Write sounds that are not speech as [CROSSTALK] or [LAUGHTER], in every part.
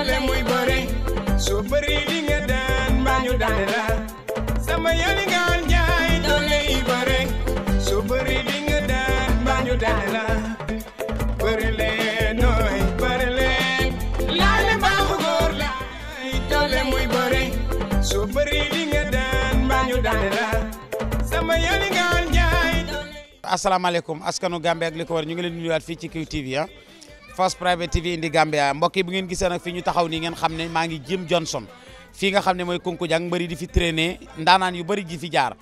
doole muy bëre soo bëri li daan mbaa ñu la sama yoni nga jaay doole yi bëre soo bëri li daan mbaa ñu daan la bëri leen nooy bëri leen laal la baaxu góor la ak li ko war ñu ngi leen di nuyuwaat fii ci QTV ah. First Private TV indi Gambia mbokk bu ngeen gisee nag fi ñu taxaw ni ngeen xam ne maa ngi Jim Johnson fii nga xam ne mooy Kunkujang mbëri di fi traîner ndaanaan yu bëri ji fi jaar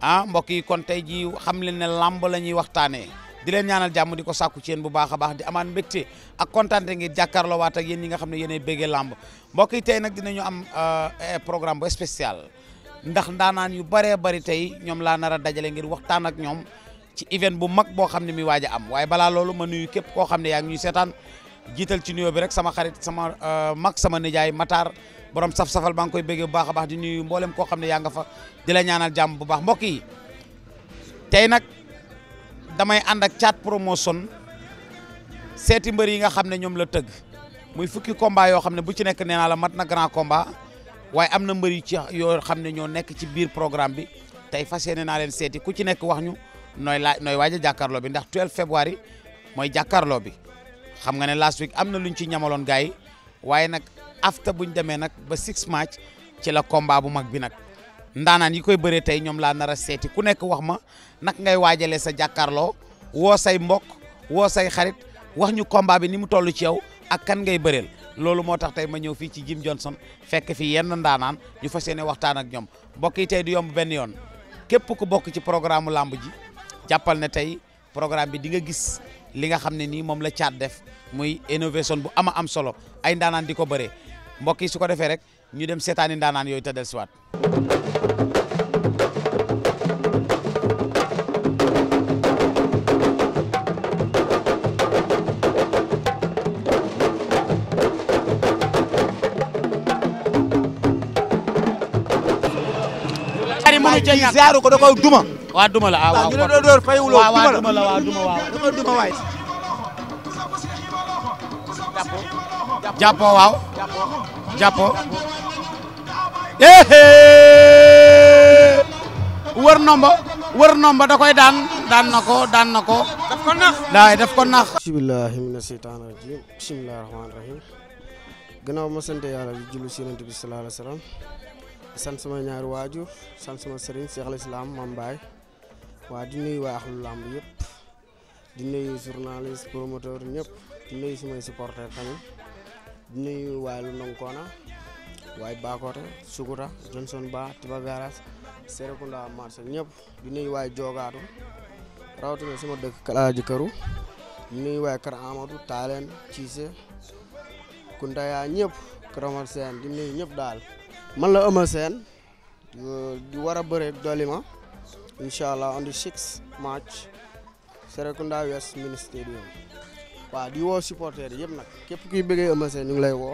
ah mbokk yi kon tey ji xam leen ne lamb la ñuy waxtaanee di leen ñaanal jàmm di ko sàkku ci yéen bu baax a baax di amaan mbégte a kontaante ngir jàkkaarloo waat ak yéen ñi nga xam ne yéenay béggee lamb mbokk yi tey nag dinañu am euh, programme bu spécial ndax ndaanaan yu bëree bari tey ñoom laa nar a dajale ngir waxtaan ak ñoom ci event bu mag bo xamni mi waja am waye bala loolu ma nuyu kep ko xamni ya ngi ñuy ci nuyo bi rek sama xarit sama euh, mag sama nijaay Matar borom saf-safal bang koy bëggee bu baakha bax di nuyu mbollem ko xamni ya nga fa di la ñaanal jamm bu baax mbokk yi tay nak damay and ak chat Promotion seti mbeur yi nga xam ñom la teug muy fukki combat yo xam bu ci nek neena la mat na grand combat waye amna mbeur yi ci yo xam ño nek ci biir programme bi tay fasiyene na len seti ku ci nek wax ñu noy la noy waaj jakarlo bi ndax 12 february moy jakarlo bi xam nga ne last week amna luñ ci ñamalon gaay waye nak afta buñ démé nak ba six match ci la combat bu mag bi nak ndanan yi koy bëree tay ñom la nara séti ku nekk wax ma nak ngay wajalé sa jakarlo wo say mbokk wo say xarit wax ñu combat bi ni mu tollu ci yow ak kan ngay lolu motax tay ma ñew fi ci Jim Johnson fekk fi yenn ndanan ñu fassiyene waxtaan ak ñom mbokk yi du yomb ben yoon képp ku bokk ci programme lamb ji jappal ne tay programme bi di nga gis li nga xamne ni mom la caat def muy innovation bu ama am solo ay ndanan diko beure mbokki suko defé rek ñu dem seetaani ndaanaan yooyu te dellusiwaat mënu ca ñàkk zaaru ko da koy duma Waduh malah, la ah waaw ñu waduh malah, fayewuloo waaw waaw duma la waaw duma waaw duma duma waay jàppoo nomba nomba da daf waa di nuyu waa axlu làmb yëpp di nuyu journaliste promoteur ñëpp di nuyu sumay supporter tamit di nuyu waa lu nonkoona waaye Bakoote Sukuta Johnson Ba Tiba Garas Serekunda Marché ñëpp di nuyu waay Jogaatu rawatina suma dëkk Kalaaji Këru di nuyu waay Kër Amadou Taaleen Ciise Kuntaya ñëpp Kër Omar Seen di nuyu ñëpp daal man la Omar Seen di war a bëre dolli ma inshallah on the 6th March Serekunda us Mini Stadium wa di wo supporter yeb nak kep kuy beugé Eumeu Sène ñu ngi lay wo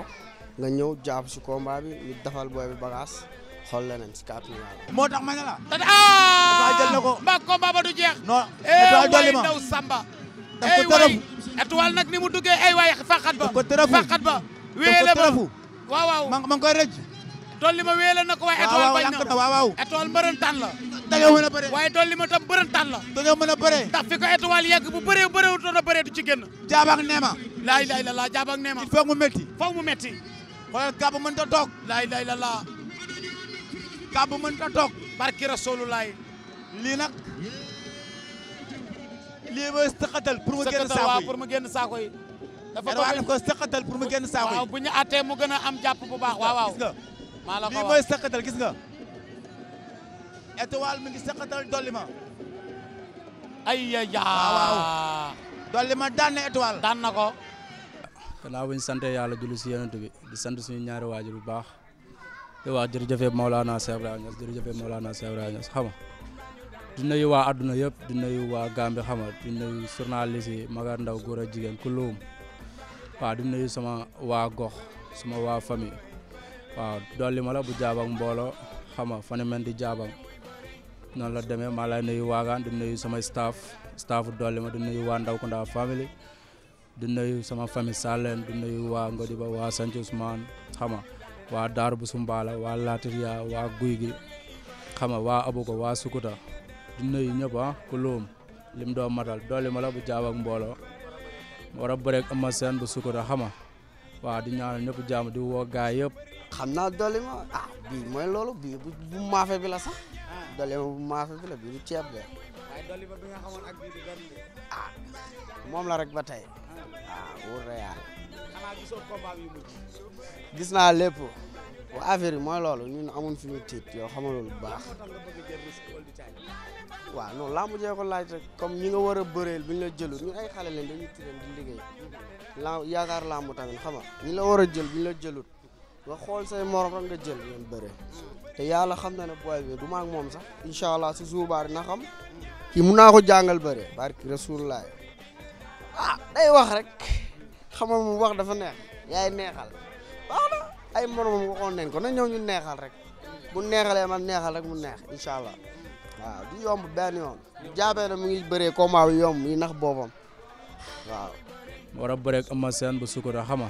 nga ñew japp ci combat bi ñu dafal boy bi bagage xol lenen si kàttu yàlla. motax tax ma la. tata ah jël na ko combat ba du jeex. non da eh, dolli ma ndaw Samba. da ko eh, teraf etoile nak ni mu duggé eh, ay way fàqat ba. daf ko tërëfu fàqat ba. wéele ba waaw waaw mang koy rëcc. dolli ma wéele na ko waaye étoile bañ na waaw waaw étoile mbërëntaan la. da nga a bëre waaye dool li ma tam bërëntaan la da nga mën a bëre ndax fi ko étoile yegg bu bëree bërewu doon a bëree du ci génn jaab ak neema laa ilaha illallah jaab ak neema il faut mu métti foog mu métti xoolal kàbb mën ta toog laa ilaha illallah kàbb mën ta toog barki rasulullah lii nag lii mooy sëqatal pour mu génn saako yi pour mu génn saako yi ko sëqatal pour mu génn saako yi waaw gën a am jàpp bu baax waaw waaw maa la gis nga étoile mi ngi sëqatal dolli dolima ya, ya. waaw dolli ma daan na étoile daan na ko gannaaw bu ñu sante yàlla julli si yonent bi di sant suñu ñaari waajur bu baax di wax jërëjëfee Maolana Cheikh Ibrahima Niass jërëjëfee Cheikh Ibrahima xam di nuyu wa àdduna yëpp di nuyu wa gambe di nuyu journaliste magar ndaw ak di nuyu sama wa gox sama wa famille waaw dolima la bu jaabang mbooloo xam fane noonu la demee maa lay nuyu waagaan di nuyu sama staff staff dolli ma di nuyu waa Ndakounda family di nuyu sama famille Salem di nuyu waa Ngodiba waa Sant Ousmane waa Daaru bu Sumbaala waa Latiria waa Guy gi waa Abuko waa Sukuta di nuyu ñëpp ah ku luum lim doo matal dolli ma la bu jaab ak mbooloo war a ama seen bu Sukuta xama waaw di ñaanal ñëpp jàmm di woo gaay yëpp. xam naa dolli ma ah, bii mooy loolu bii bu maafe bi sax. dolli ma bu maasa bi du ceeb de. waaye bi nga ak ah, moom la rek ba tey. ah wóor na yàlla. xanaa gis naa lépp. wa affaire yi mooy loolu ñun amuñ fi ñu tiit yoo xamaloolu bu baax. waaw non laa mujjee ko laaj rek comme ñi nga war a bëreel bi la jëlul ñun ay xale lañ dañuy tireen di liggéey la yaakaar làmb tamit xam ñi la war a jël bi ñu la jëlul nga xool say morom rek nga jël ngeen bëree te yàlla xam na ne booy bi du ma moom sax incha allah su suubaar naxam xam kii mun naa ko jàngal bëre barki rasulullah ah day wax rek xamal mu wax dafa neex yaay neexal baax ay moromam waxoon nañ ko na ñëw ñu neexal rek bu neexalee man neexal rek mu neex incha allah waaw du yomb benn yoon bu jaabee na mu ngi bëree combat bi yomb nax boobam waaw. war a bëreeg Eumeu Sène bu sukura xama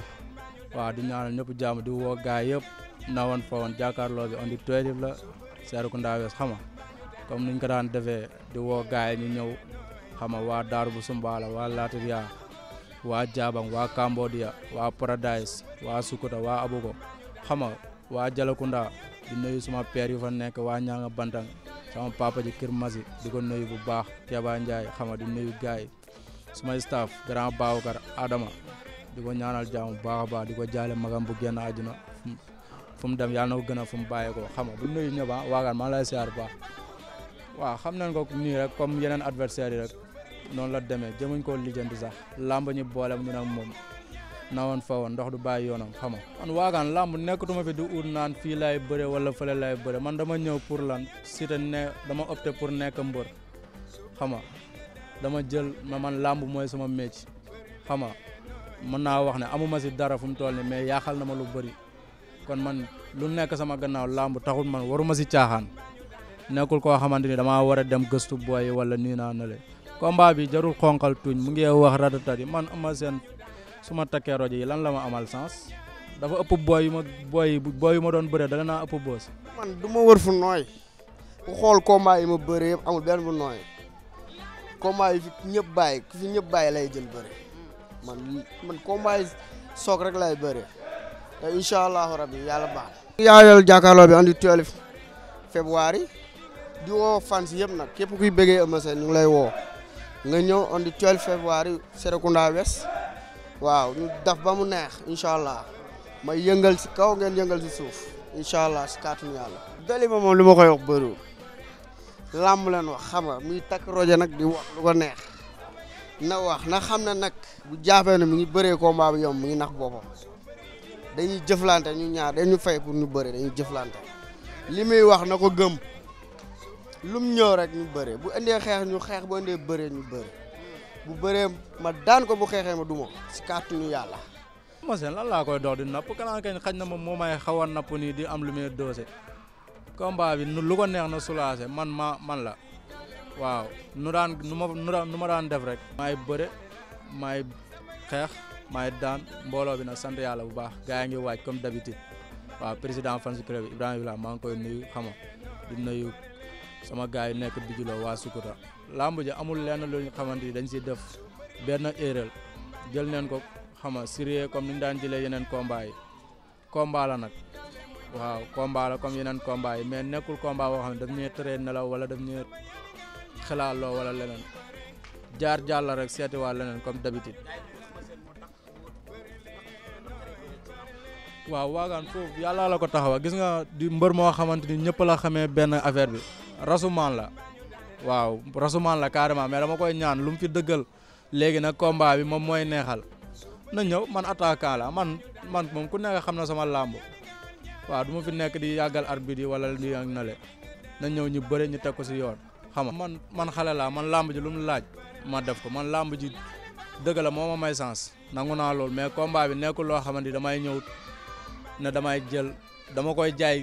waaw di ñaanal ñëpp jàmm di woo gaay yëpp. Nawan fawan jakar jàkkaarloo bi on dit toytif la Serekunda West xama comme niñ ko daan defee di wo gaay ni ñëw xama wa Daaru bu Sumbaala wa Laatiria wa jabang wa Cambodia wa Paradise wa Sukuta wa abugo xama wa Jalakunda di nuyu suma père yu fa nekk wa bandang, bandang sama papa ji kir Masi di ko nuyu bu baax Keba Ndiaye xama di nuyu gaay suma staff grand Baawkar Adama di ko ñaanal jàmm bu baax baax di ko jaale magam bu génn àdduna fu mu dem yàlla na ko gën a fu mu bàyyee ko xam nga bu nuyu ñëpp ah waagaan maa lay siyaar baax waaw xam nañ ko nii rek comme yeneen adversaire yi rek noonu la demee jëmuñ ko lijjanti sax làmb ñu boole ñu nag moom na woon fa woon ndox du bàyyi yoonam xam nga man waagaan làmb nekkatuma fi di ut naan fii laay bëre wala fële laay bëre man dama ñëw pour lan Siteu ne dama opté pour nekk mbër xam dama jël ma man làmb mooy sama métier xam nga mën naa wax ne amuma si dara fu mu toll nii mais yaaxal na ma lu bëri. kon man lu nekk sama gannaaw lamb taxul man waruma si caaxaan nekkul koo xamante ni damaa war a dem gëstu booy wala nii naa nale combat bi jarul xonqal tuñ mu ngi wax man ama seen suma ma takkee lan la amal sens dafa ëpp booy yu ma booy booy yu ma doon man du ma wër fu nooy ku xool combat yi ma bëree yëpp amul benn bu nooy combat yi fi ñëpp ku fi ñëpp bàyyi lay jël bëri man man combat yi soog rek lay bëree. Ya, inshallah rabbi allahu ya, ya, rabbi yàlla Ya yaayal jàkkaarloo bi andi 12 February di wo fans yeb nak kep kuy bëggee Eumeu Sène ñu lay wo nga ñew andi 12 February Serekunda wess waaw ñu daf ba mu neex inshallah allah may yëngal si kaw ngeen yëngal si suuf inshallah allah si kàttanu dali mom luma koy wax bëriwul lamb len wax xama muy takk rojo di wax lu ko neex na wax na xamna nak bu jafé na mi ngi bëree combat bi yom mi ngi nax bopam dañuy jëflante ñu ñaar dañu fay pour ñu bëre dañuy jëflante li muy wax na ko gëm lum ñëw rek ñu bëre bu indee xeex ñu xeex bu indee bëre ñu bëre bu bëree ma daan ko bu xeexee ma duma si kàttuñu yàlla. Moussen lan laa koy dox di napp kanam kañ xaj na moom moo may xaw napp nii di am lu muy doose combat bi lu ko neex na soulager man ma man la waaw nu daan nu ma nu daan def rek. maay bëre maay xeex. maa ngi daan mbooloo bi na sant yàlla bu baax gars yi ngi waaj comme d'habitude waaw président fans club Ibrahima Ibrahima maa ngi koy nuyu xama di nuyu sama gaa yi nekk Bijuloo waa Sukuta lamb ji amul leen lu ñu xamante ni dañ si def benn erreur jël neen ko xama sérieux comme ni ñu daan jëlee yeneen combat yi nag waaw kombaala la comme yeneen combat yi mais nekkul combat boo xam ne daf ñuy tëree nelaw wala daf ñuy xelaaloo wala leneen jaar jàll rek seeti waa comme d'habitude waaw waagaan foofu yàlla la ko taxawal gis nga di mbër moo xamante ni ñëpp la xamee benn affaire bi rasumaan la waaw rasumaan la carrément mais dama koy ñaan lu mu fi dëggal léegi nag combat bi moom mooy neexal na ñëw man attaquant la man man moom ku nekk xam na sama làmb waaw du ma fi nekk di yàggal arbitre yi wala li ak nale na ñëw ñu bëre ñu teg ko si yoon xam man man xale man làmb ji lu mu laaj ma def ko man làmb ji dëgg la moo ma may sens nangu naa loolu mais combat bi nekkul loo xamante ni damay ñëw na damay jël dama koy jaay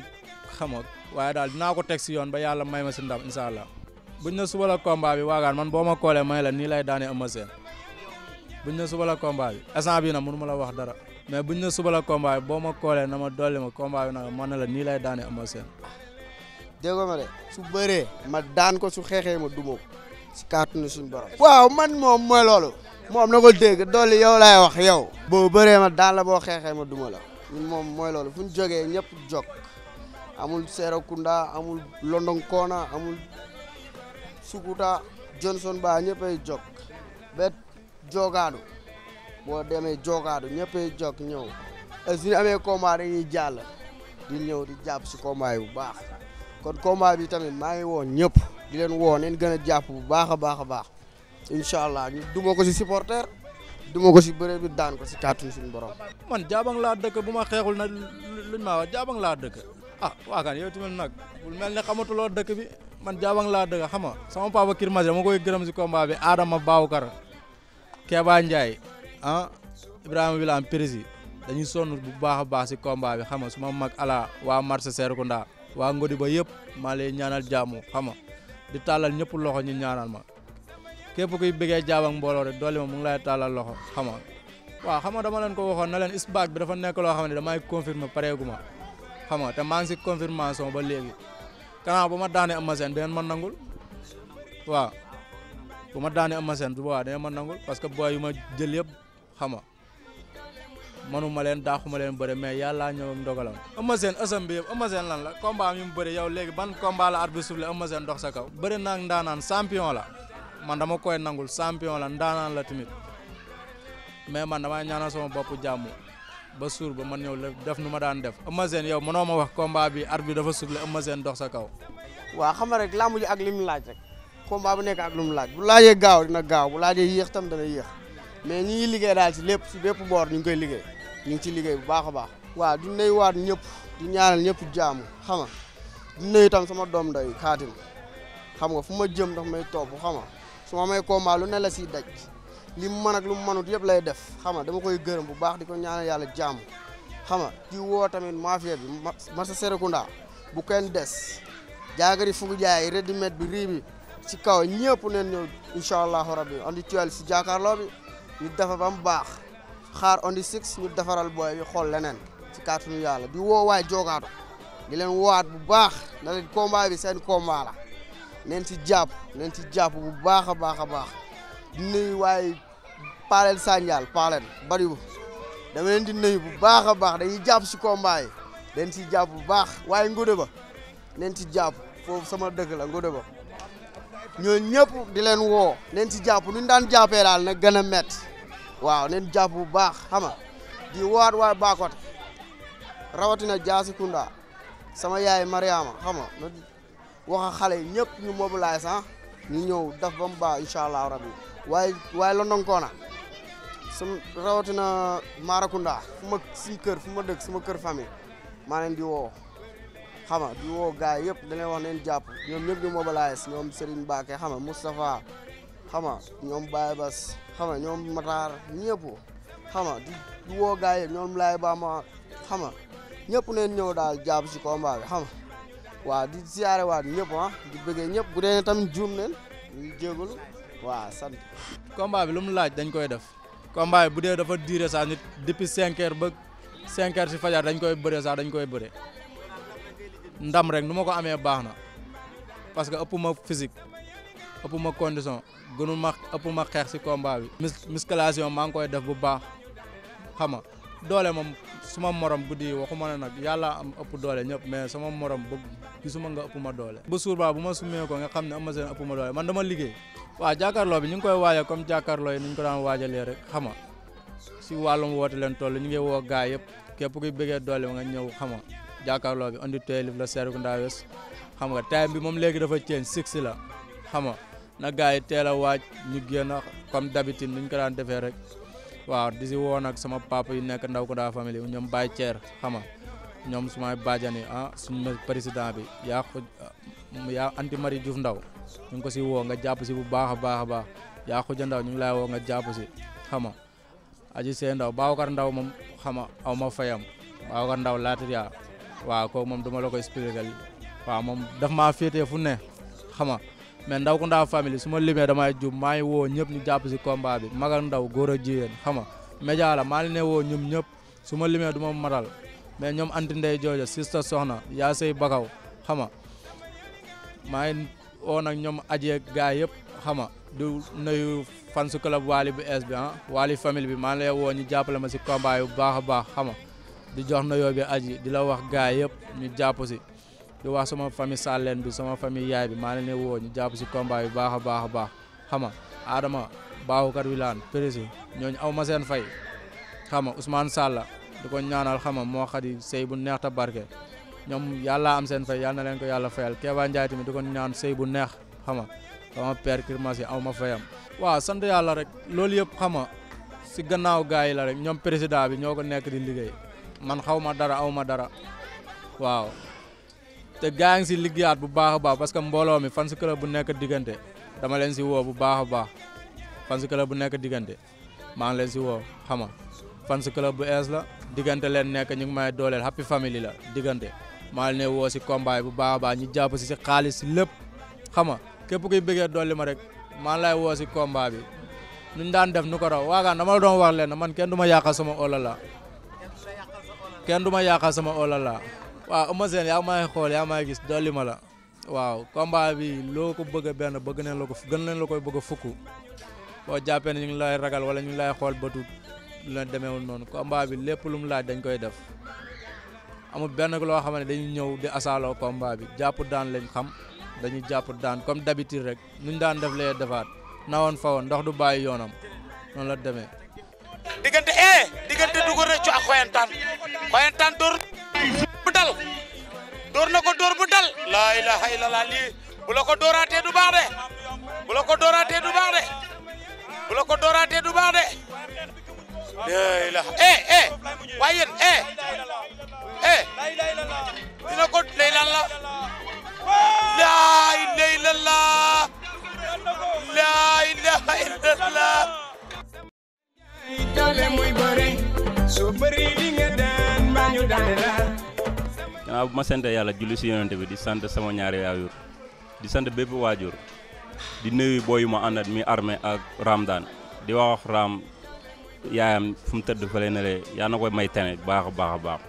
xam nga waaye daal dinaa ko teg si yoon ba yàlla may ma si ndam incha allah buñ na suba la combat bi waagaan man boo ma koolee may la nii lay daane Eumeu Sène buñ na suba la combat bi instant bii nag mënu la wax dara mais buñ na suba la combat boo ma koolee na ma dolli ma combat bi nag man ne la nii lay daane Eumeu Sène. déggoo ma de su bëree ma daan ko su xeexee ma dumoo si kàttanu suñu borom. waaw man moom mooy loolu. moom na ko dégg dolli yow laay wax yow. boo bëree ma boo xeexee ma duma ñun moom mooy loolu fu ñu jógee ñëpp jog amul Serekunda amul Londonkoona amul Sukuta Johnson Ba ñëppay jog ba jogaadu boo demee jogaadu ñëppay jog ñëw suñu amee combat dañuy jàll di ñëw di jàpp si combat bu baax kon combat bi tamit maa ngi woon ñëpp di leen woo neen gën a jàpp bu baax a baax a baax incha allah ñu duma ko si supporter duma ko ci beure bi daan ko ci kàttan suñu borom. man jabang la dekk buma xexul na luñ ma wax jabang la dekk ah waakaan yow timel nak bu melni xamatu lo dekk bi man jabang la dekk xama sama papa Kir Masé mo koy gëreem ci combat bi Adama Baawkar Keba Ndiaye han ah, ibrahim Wilane prezi dañu sonu bu baaxa baax ci combat bi xama suma su ma mag ala waa marché nda wa Ngodi ba yeb ma lay ñaanal jàmm xama di talal ñepp loxo ñu ñaanal ma képp kuy bëggee jaabang mbooloo rek doole ma mu ngi lay taalal loxo xam nga waaw xam dama leen ko waxoon na leen isbaak bi dafa nekk loo xam ne damay confirmer pareegu ma xam nga te maa ngi si confirmation ba léegi kanaa bu ma daanee am seen dangeen man nangul waaw bu ma daanee am seen bu boobaa dangeen ma nangul parce que booy yu ma jël yëpp xam nga manuma leen daaxuma leen bëre mais yàllaa ñëw ak ndogalam asam bi yëpp lan la combat am yu mu bëri yow léegi ban combat la arbitre soufflé Eumeu Sène dox sa kaw bëri ndaanaan champion la man ma ko nangul champion la ndaanaan la tamit mais man damay ñaanal sama bopp jàmm ba suur ba man ñëw def nu ma daan def Eumeu Sène yow mënoo ma wax combat bi arbitre bi dafa soufflé Eumeu Sène dox sa kaw. waaw xam nga rek làmb ji ak li mu laaj rek combat bu nekk ak lu mu laaj bu laajee gaaw dina gaaw bu laajee yéex tam dana yéex mais ñi liggéey daal si lépp si bépp boor ñu ngi koy liggéey ñu ngi ciy liggéey bu baax a baax. waaw du nuyuwaat ñëpp di ñaanal ñëpp jaamu xam nga du nuyu tam sama doom day xaatim xam nga fu ma jëm daf may topp xam su ma ko combat lu ne la siy daj li man ak lu manut yeb lay def xama dama koy geureum bu baax di ñaanal yalla jàmm xama di woo mafia bi marché Serekunda bu ken des jaagari fugu jaay ready made bi ribi bi ci kaw ñepp neen ñoo inshallah rabbi on tuel si jàkkaarloo bi ñu dafa bam baax xaar on six ñu defaral boy bi xol leneen ci ñu yalla di wo way jogaatu di leen bu baax na len combat bi sen combat la neen si jàpp neen si jàpp bu baax a baax a baax di nuyu waay paaleen Sandial paaleen bariwu dama leen di nuyu bu baax a baax dañuy jàpp si combat yi neen si jàpp bu baax waaye ngóode ba neen si jàpp foofu sama dëkk la ngóode ba ñëpp di leen woo neen si jàpp nu daan jàppee daal na gën a métti waaw neen jàpp bu baax xama di woowaat waa Bakot rawatina Diasikunda sama yaay Mariama xama wax xale yi ñëpp ñu mobilise ah ñu ñëw def ba mu baax incha allah rabi waaye waaye Londonkoona su rawatina Marakunda fu ma si kër ma dëkk suma kër famille maa leen di woo xam nga di woo gars yëpp da wax neen jàpp ñoom ñëpp ñu ñoom Serigne Mbacke xam xam nga ñoom Baye Bas xam nga ñoom Matar ñëpp xam nga di woo ma xam nga ñëpp neen ñëw daal jàpp si combat bi xam waaw di siyaare waat ñëpp ah di bëggee ñëpp bu dee tamit juum neen ñu jéegul waaw sant. combat lu mu laaj dañ koy def combat bu dee dafa diire sax nit depuis cinq heures ba cinq heures si fajar dañ koy bëre sax dañ koy bëre ndam rek nu ma ko amee baax na parce que ëpp ma physique ëpp ma condition gënu ma ëpp ma xeex si combat bi. musculation maa ngi koy def bu baax xam doole moom suma morom bu di waxuma ne nag yàlla am ëpp doole ñëpp mais sama morom bëgg gisuma nga ëpp ma doole ba suur baa bu ma summee ko nga xam ne ama seen ëpp ma doole man dama liggéey waa jàkkaarloo bi ñu ngi koy waajal comme jàkkaarloo yi ni ko daan waajalee rek xama si wàllum woote leen toll ñu ngi woo gaay yëpp képp kuy bëggee doole nga ñëw xama jàkkaarloo bi andi teelif la Serekunda West xam nga time bi moom léegi dafa change six la xama na gaay yi teel a waaj ñu génn comme d'habitude ni ñu ko daan defee rek waaw di si woo nag sama papa yu nekk ndaw ko daa famille ñoom Baye Thier xama ñoom suma bàjjan a ah suñu bi yaa ko yaa anti Marie Diouf Ndaw ñu ko si woo nga jàpp si bu baax a baax a baax yaa ko ndaw ñu ngi lay woo nga jàpp si xama aji see ndaw Babacar Ndaw moom xama aw ma fayam Babacar Ndaw laatir yaa waaw kooku moom duma la ko expliquer waaw moom daf maa féetee fu ne xama mais ndaw ku ndaw famille su ma limee damay jub maa ngi woo ñëpp ñu jàpp si combat bi mag ndaw góor a jigéen xam nga média la maa ne woo ñoom ñëpp su ma limee du ma matal mais ñoom anti ndey jooja sista soxna yaa say bakaw xam nga maa ngi oo nag ñoom ajeeg gaa yëpp xam nga du nuyu fan su club bu es bi ah Wally famille bi maa ngi woo ñu jàppale ma si combat yu baax a baax xam di jox nuyoo bi aji di la wax gaa yëpp ñu jàpp si di wax sama famille Sàlleen bi sama famille yaay bi maa leen ne woo ñu jàpp si combat bi baax a baax a baax xama Adama baaxukat wi laan prési ñooñu aw ma seen fay xama Ousmane Sall di ko ñaanal xama moo xadi sëy bu neex ta barke ñoom yàlla am seen fay yal na leen ko yàlla fayal Keba Ndiaye tamit di ko ñaan sëy bu neex xama sama père kirmas yi aw ma fayam waa sant yàlla rek loolu yëpp xama si gannaaw gars yi la rek ñoom président bi ñoo ko nekk di liggéey man xaw ma dara aw ma dara te gaa ngi si liggéeyaat bu baax a parce que mbooloo mi fans club bu nekk diggante dama leen si woo bu baax a baax fans bu nekk diggante maa ngi leen si woo xama fans club bu ees la diggante leen nekk ñu ngi may dooleel happy family la diggante maa leen woo si combat bu baax a ñu jàpp si si xaalis lépp xama képp kuy bëggee dolli ma rek maa lay woo si combat bi nuñ daan def nu ko raw waagaan dama la doon wax leen man kenn du ma yàqal sama olala kenn du ma yàqal sama olala waaw Eumeu Sène yaa may xool yaa may gis dolli ma la waaw combat loo ko bëgg benn bëgg nañ la ko gën nañ la koy bëgg fukk boo jàppee ne ñu ngi lay ragal wala ñu lay xool bëtu la demeewul noonu combat bi lépp lu mu laaj dañ koy def amul benn loo xam ne dañu ñëw di asaaloo combat bi jàpp daan lañ xam dañuy jàpp daan comme d'habitude rek nuñ daan def lee defaat nawoon fa woon ndox du bàyyi yoonam noonu la demee. diggante eh diggante dugub rëccu ak xoyantaan xoyantaan dóor. dal dóor na ko dóor bu dal laa ilaha illallah lii bu la ko dóoraatee du baax de bu la ko dóoraatee du baax de ko laa ilaha eh eh waaye yéen eh eh dina ko lay lan laa ilaha illallah laa ilaha Abu ah, ma sant yàlla julli si yonente bi di sant sama ñaari ayur, di sant bépp wajur di nuyu booy ma anad mi armée ak Ramdan di wax Ram yaayam fu mu tëdd fële ne lee yaa na koy may tene baax baax baax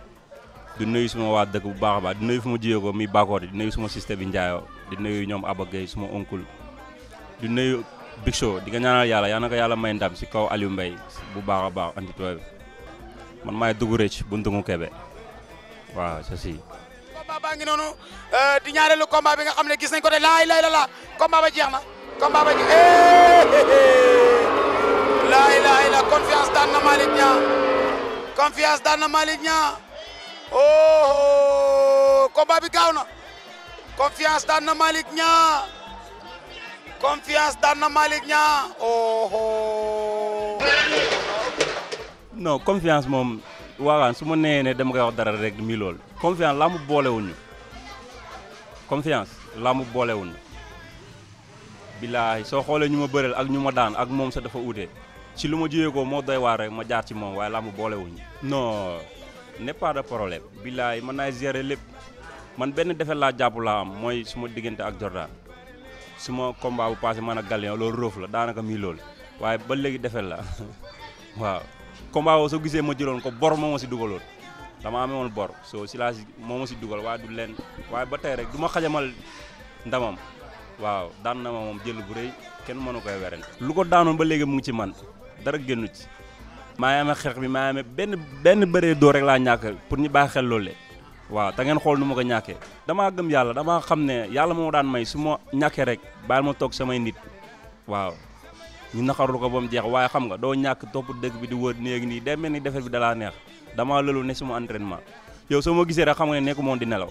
di nuyu suma waa dëkk bu baax baax di nuyu fu jiyo ko mi Bakor di nuyu suma siste bi Ndiayo di nuyu ñoom Aba suma onkul di nuyu Big Show di ka ñaanal yala ya na yala ma may ndam si kaw Aliou Mbaye bu baax a baax antitooy man maay dugg rëcc buntu waaw c'est si baa ngi noonu euh, di ñaareelu combat bi nga xam ne gis nañ ko de laa lay la la combat ba ba jeex eh, laay na Malick Niang confiance daan na Malick Niang oh combat bi gaaw na confiance daan na Malick Niang confiance daan na Malick Niang oh, oh. moom waaw su ma nee ne dama koy wax dara rek mii loolu confiance laa mu boolewuñu confiance laa mu boolewuñu billaahi soo xoolee ñu ma bëreel ak ñu ma daan ak moom sa dafa uute ci lu ma jiyee ko moo doy waar rek ma jaar ci moom waaye laa mu boolewuñu non n'est pas de problème billaahi mën naa gérer lépp man benn defet laa jàpp laa am mooy su ma diggante ak Jordan su ma combat bu passé man ak Galion loolu roof la daanaka mii lool waaye ba léegi defet la [LAUGHS] combat wo so gisee ma jëloon ko bor mo mo si dama amee bor so silage mo mo si dugal wa du len waaye ba tay rek duma xajamal ndamam waaw daan na mom jël bu rëy kenn mënu koy wéren lu ko daanoon ba légui mu ngi ci man dara gennu ci ma yama xex bi ma yama ben ben do rek la ñak pour ñi bàyyi xel waaw ta ngeen xol nu ko ñaké dama gëm yalla dama xamné ne mo daan may su ma rek baal ma tok samay nit waaw ñu naxarlu ko ba mu jeex waaye xam nga doo ñàkk topp dëkk bi di wër néeg nii day mel ni defet bi dalaa neex dama lëlu ne suma entraînement yow soo ma gisee rek xam nga ne nekku moon di nelaw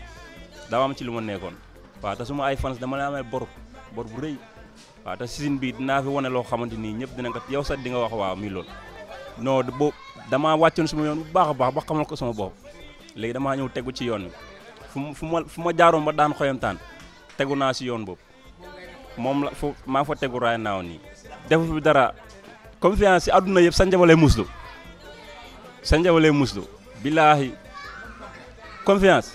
dama am ci lu ma nekkoon waaw te suma ay fans dama la amee bor bor bu rëy waaw te season bi dinaa fi wane loo xamante nii ñëpp dinañ ko yow sa di nga wax waaw mi loolu non bo dama wàccoon suma yoon bu baax a baax ba xamal ko sama bopp léegi dama ñëw tegu ci yoon bi fu ma fu ma jaaroon ba daan tegu naa si yoon boobu moom la fu maa fa tegu raay naaw nii defu fi dara confiance aduna yeb sanja njabalé muslu sanja njabalé muslu billahi confiance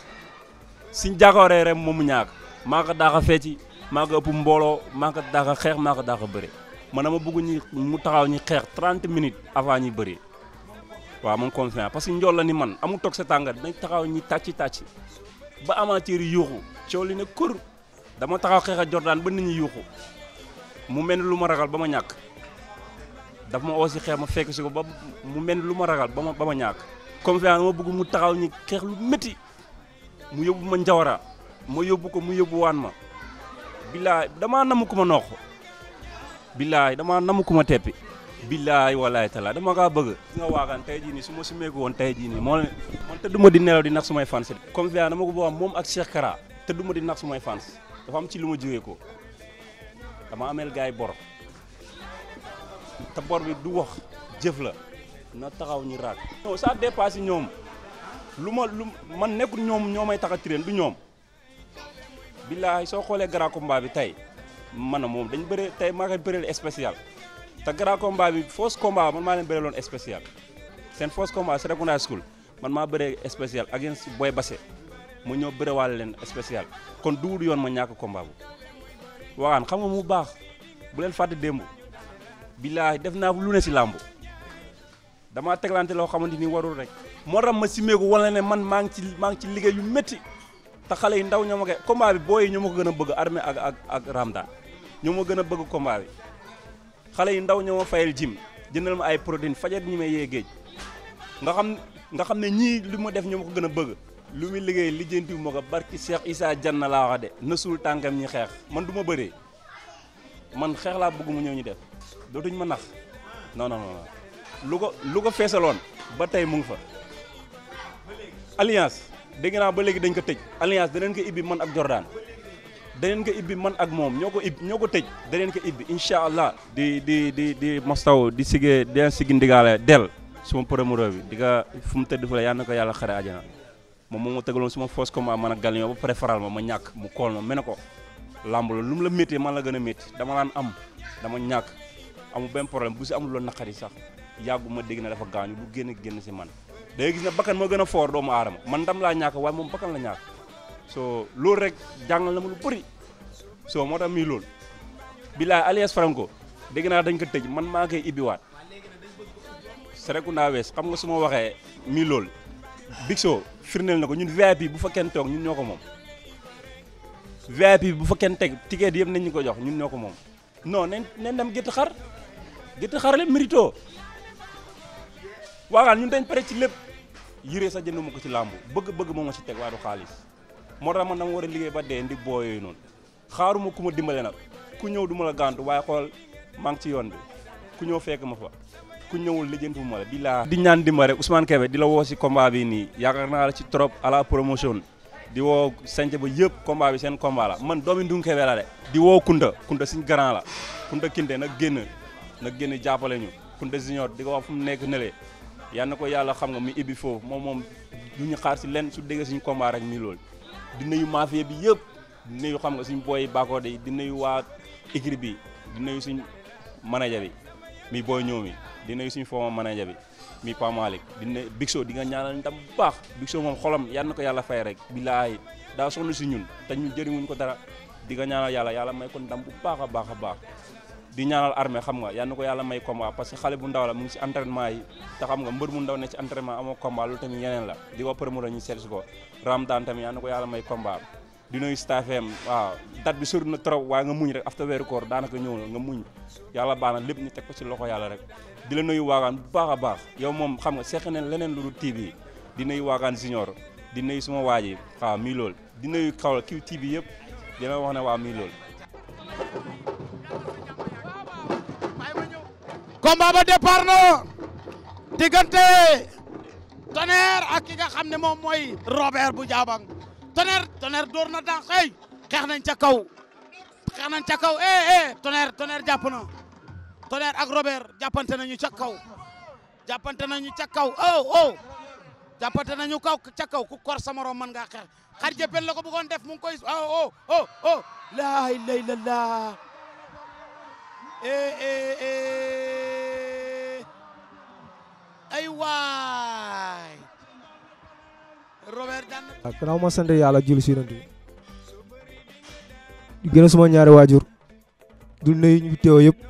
sin jagoré rem momu ñaak maka daxa feti maka upp mbolo maka daxa xex maka daxa beure manama dama ñi mu taxaw ñi xex 30 minutes avant ñi beure wa man confiance parce que ndol la ni man amu tok sa tangal dañ taxaw ñi tacci tacci ba amateur yuxu yuku, li ne kur dama taxaw xexa jordan ba nit ñi yuxu mu mel ni lu ma ragal ba ma ñàkk daf ma oo si xeex ma fekk si ko ba mu mel ni lu ma ragal ba ma ba ma ñàkk. confiance ma bëgg mu taxaw ñi xeex lu métti mu yóbbu ma njawara ma yóbbu ko mu yóbbu waan ma billaay damaa namm ku ma noox billaay damaa namm ku ma teppi. billaay walaay talaa dama kaa bëgg. nga waagaan tey jii su ma simeeku woon tey jii nii moo leen. man tëdduma di nelaw di nax sumay fans. confiance dama ko boobaa moom ak Cheikh Kara tëdduma di nax sumay fans dafa am ci lu ma jógee ko. dama ameel gaay bor te bor bi du wax jëf la na taxaw ñu raak. non ça dépasse ñoom lu ma lu man nekkul ñoom ñoo may tax a tireen du ñoom billaay soo xoolee grand combat bi tey man na moom dañ bëre tey maa koy bëreel spécial te grand combat bi fausse combat man maa leen bëreeloon spécial seen fausse combat secondaire school man maa bëree spécial ak yéen si Boy Basse mu ñëw bërewaale leen spécial kon duwul yoon ma ñàkk combat bu waaw xam nga mu baax bu leen fàtte démb billaahi def naa lu ne si làmb dama teglante loo xamante ni warul rek moo tax ma simeeku wala ne man maa ngi ci maa ngi ci liggéey yu métti te xale yi ndaw ñoo ma combat bi booy yi ñoo ma ko gën a bëgg armée ak ak ak ramda ñoo ma gën a bëgg combat bi xale yi ndaw ñoo ma fayal jim jëndal ma ay protéine fajar ñi may yee géej nga xam nga xam ne ñii lu ma def ñoo ma ko gën a bëgg lu muy liggéey lijjanti moo ko barki Cheikh jan na laa wax de na suul tànkam ñi xeex man du ma bëree man xeex laa bëgg mu ñëw ñu def dootuñ ma nax non non non lu ko lu ko feesaloon ba tey mu fa. alliance dégg naa ba léegi dañ ko tëj alliance daneen ko ibbi man ak Jordan daneen ko ibbi man ak moom ñoo ko ib ñoo ko tëj daneen ko ibbi incha allah. di di di di mastaw di sigee di siggi ndigaale del suma promoteur bi di nga fu mu tëdd fa la yàlla na ko yàlla xare àjjana moom mo ma tegaloon suma fausse combat man ak Galion ba pare faral ma ma ñak mu kol ma meneko lamb lu lum la metti man la gëna a dama lan am dama ñak amu ben problème bu ci amul lo nakari sax yàggu ma na dafa gaañu lu génn gën si man da ngay gis na bakkan mo gëna a do doomu aadama man dam la ñàkk way mom bakkan la ñak so loolu rek jangal na mu lu bari so moo tax mii loolu alias Franco degg na dañ ko tejj man maa koy ibbiwaat na wess xam nga suma waxe mi lool bixo Big Show firnel nako ñun VIP bu fa kenn tok ñun ñoko mom VIP bu fa kenn tek ticket yëm nañ ñu ko jox ñun ñoko mom non nañ nen dem gétt xar gétt xar le mérito waaw ñun dañ paré ci lepp yiré sa jëndu mako ci làmb bëgg-bëgg moo ma ci tek waaye xaaliss mo dama war liggéey ba dé ndi boo yooyu xaaruma kuma dimbalé nak ku ñëw duma la gantu waaye xol maa ngi ci yoon bi ku ñëw fekk ma fa ku ñëwul lijjanti ma la di laa di ñaan dimbale rek Ousmane Kébé di la woo si combat bi nii yaakaar naa la ci trop à la promotion di woo sanc ba yëpp combat bi seen combat la man doomi Ndungu Kébé la de di woo Kunta Kunta suñ grand la Kunta Kinte nag génn nag génn jàppale ñu Kunta Junior di ko wax fu mu nekk nële yal na ko yàlla xam nga mu ibbi foofu moom moom du ñu xaar si lenn su déggee suñu combat rek nii lool di nuyu mafia bi yëpp di nuyu xam nga booy Bakode yi di nuyu waa équipe bi di nuyu suñ manager bi mi ñëw di nuyu suñu former manager bi mi Pa malik di ne Bigso di nga ñaanal ndam bu baax Bigso moom xolam yal na ko yàlla fay rek billahi da sonn ci ñun te ñun jëriñuñ ko dara di nga ñaanal yalla yalla may ko ndam bu baaxa baaxa baax di ñaanal armée xam nga yal na ko yàlla may combat parce que xale bu ndaw la mu ngi entraînement yi te xam nga mbeur mu ndaw ne ci entraînement amo combat lu tamit yeneen la di wa përmu la ñu seet ko Ramdan tamit yal ko may combat di nuyu staffam waaw dat bi sori na trop wa nga muñ rek after weeru koor danaka ñëw nga muñ yalla baana lepp ñu tek ko ci loxo yalla rek di la nuyu waagaan bu baax a baax yow moom xam nga seq na leneen lu dul TV di nuyu waagaan junior di nuyu suma waa ji waaw mii lool di nuyu xaw kiw TV yëpp dina wax ne waa mii lool. combat ba na diggante Tonnerre ak ki xam ne moom mooy Robert bu jaabang Tonnerre Tonnerre door na daan xëy xeex nañ ca kaw xeex nañ ca kaw eh eh Tonnerre Tonnerre jàpp na. Tonnerre ak Robert jàppante nañu ca kaw jàppante nañu ca kaw oh oh jàppante nañu kaw ca kaw ku kor sa morom mën ngaa xeex xar jëppel la ko bëggoon def mu ngi koy oh oh oh, oh. laa ilaaha illallaah eh, eh, eh. ay waay Robert daan na. Ah, gannaaw ma sant yàlla julli si yonent bi di gën a suma ñaari waajur du nuyu ñu teew yëpp.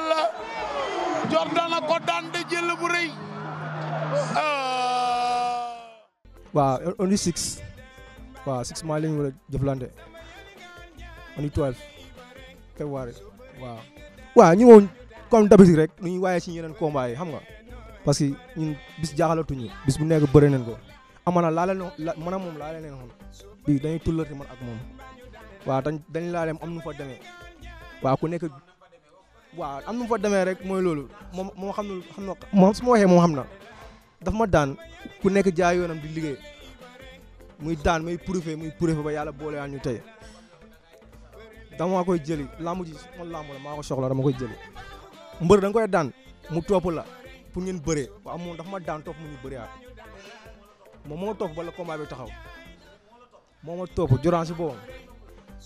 Jordan a ko daan de jël bu rëy. Ah. waaw only six waaw six mois la ñu war a jëflante only twelve February waaw. ñu woon comme d'habitude rek nu ñuy waaye si yeneen combat yi xam nga parce que ñun bis jaaxalatuñu bis bu nekk bëri nañ ko amana laale ak moom laale nañ xoon bii dañuy tullati man ak moom waaw dañ dañ laale am nu fa demee waaw ku nekk. waaw am na mu fa demee rek mooy loolu moom moo xam ne xam na moom su ma waxee moom xam na daf ma daan ku nekk jaay yoonam di liggéey muy daan muy prouvé muy prouvé ba yàlla boole ñu tey dama koy jëli làmb ji man làmb la maa ko soxla dama koy jëli mbër da nga koy daan mu topp la pour ngeen bëree waaw moom dafa ma daan topp mu ñu bëree moom moo topp bala combat bi taxaw moo ma topp joraan si boppam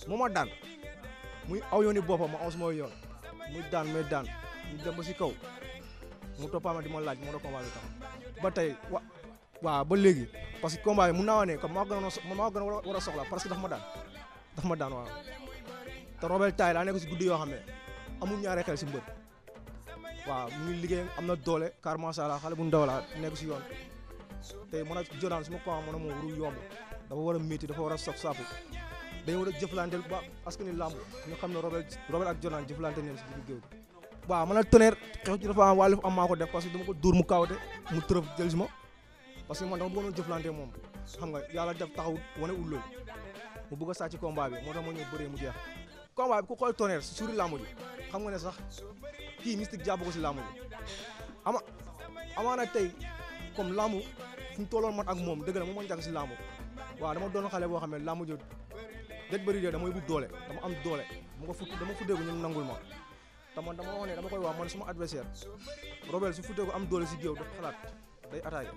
moo ma daan muy aw yooni boppam ma aw sama yoon muy daan mais daan ñu dem ba si kaw mu toppaama di ma laaj moo tax combat bi tax ba tey wa waaw ba léegi parce que combat bi mun naa wax ne ko gën maa ko gën a war a soxla parce que daf ma daan daf ma daan waaw te Robert Taay laa nekk si guddi yoo xam ne amul ñaari xel si waaw mu ngi liggéey am na doole car macha allah xale bu ndaw nekk si yoon tey ma a joraan su ma ko mën a moom warul yomb dafa war a métti dafa war a saf saafu dañu war a jëflanteel ba askan wi làmb ñu xam ne Robert Robert ak Jonaan jëflante si digg géew bi waaw man a Tonnerre xew ci dafa am wàllu am maa ko def parce que dama ko dóor mu kawate mu tërëf ma parce que man dama bëggoon moom xam nga yàlla def taxaw wane wul loolu mu bëgg a sàcc combat moo tax ma mu jeex combat bi ku xool Tonnerre si suuri làmb ji ne sax kii mystique jàpp ko si làmb ama amaana tey comme làmb fi mu tolloon man ak moom dëgg la moo njàng si làmb waaw doon xale boo xam ne làmb ji Get Bari de damay bu doole dama am doole dama ko fut dama fuddee ko ñoom nangul ma te man dama wax ne dama koy wax man sama adversaire Robel su fuddee ko am doole ci geew da xalat day attaqué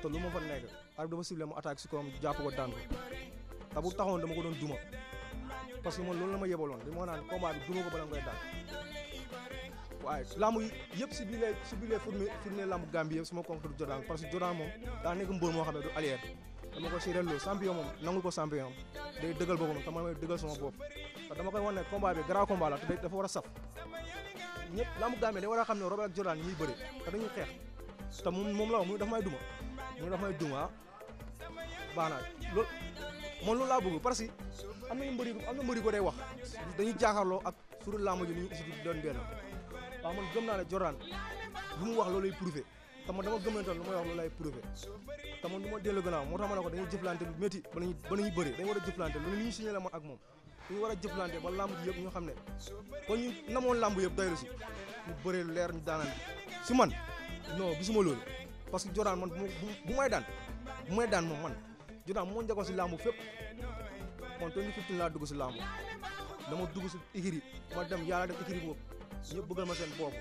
to luma fa neeg arab dama ciblé mu attaque ci kawam japp ko daan ta bu taxoon dama ko don duma parce que man loolu lama yebalon yebaloon dañ ma combat bi duma ko balang koy daan waaye lamu yëpp ci bi lay ci bi lay fourni fourni lamu Gambie yëpp sama contre Jordan parce que Jordan mom da nek mbor mo xamé du allié dama ko séeréel loo champion mom nangul ko champion day deugal boppam sama may deugal sama bop da dama koy wan combat bi grand combat la te dafa wara a saf ñëpp lamb gamé day war a xam Robert ak Jordan ñuy bëri te dañuy xex te mom mom la wax mu daf may duma mu daf may duma baax na mo lu la bëgg parce que am na mbëri am na mbëri ko day wax dañuy jaaxarloo ak suru lamb ji li ñu ci doon benn waaw man gëm na la Jordan bu mu wax lolay prouver te man dama gëmantoon lu may wax loolu lay prouvé te man du ma dellu gannaaw moo tax ma ne ko dañuy jëflante lu métti ba nañu a jëflante loolu li ñu signé man ak moom ñu war a jëflante ba lamb yëpp ñu xam ne ba ñu namoon lamb yëpp daylu si ñu bëree lu leer ñu daanaan si man non gisuma loolu parce que Jordan man bu may daan bu may daan moom man Jordan moo njëkkoon si lamb fépp kon te ni fiftin laa dugg si lamb dama dugg si ikiri ma dem yàlla def ikiri boobu ñëpp bëggal ma seen boobu